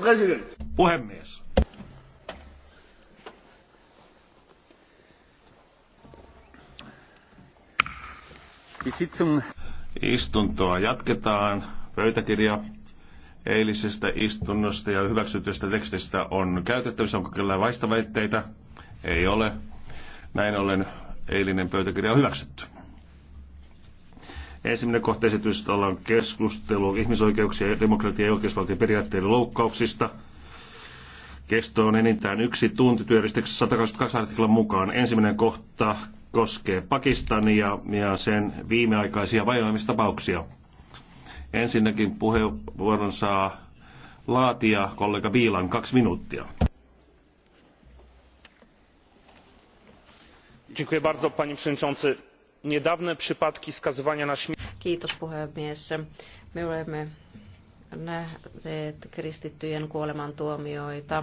President. Puhemies. Istuntoa jatketaan. Pöytäkirja eilisestä istunnosta ja hyväksytystä tekstistä on käytettävissä. Onko kyllä vaistaväitteitä? Ei ole. Näin ollen eilinen pöytäkirja on hyväksytty. Ensimmäinen kohtaesitys on keskustelu ihmisoikeuksia, demokratia ja oikeusvaltion periaatteiden loukkauksista. Kesto on enintään yksi tunti työjärjestyksessä 122 artiklan mukaan. Ensimmäinen kohta koskee Pakistania ja sen viimeaikaisia vajoamistapauksia. Ensinnäkin puheenvuoron saa laatia kollega Viilan kaksi minuuttia. Dziękuję bardzo, panie przewodniczący niedawne przypadki skazywania na śmierć. Kiitos puhemies. Me olemme nähneet kristittyjen kuolemantuomioita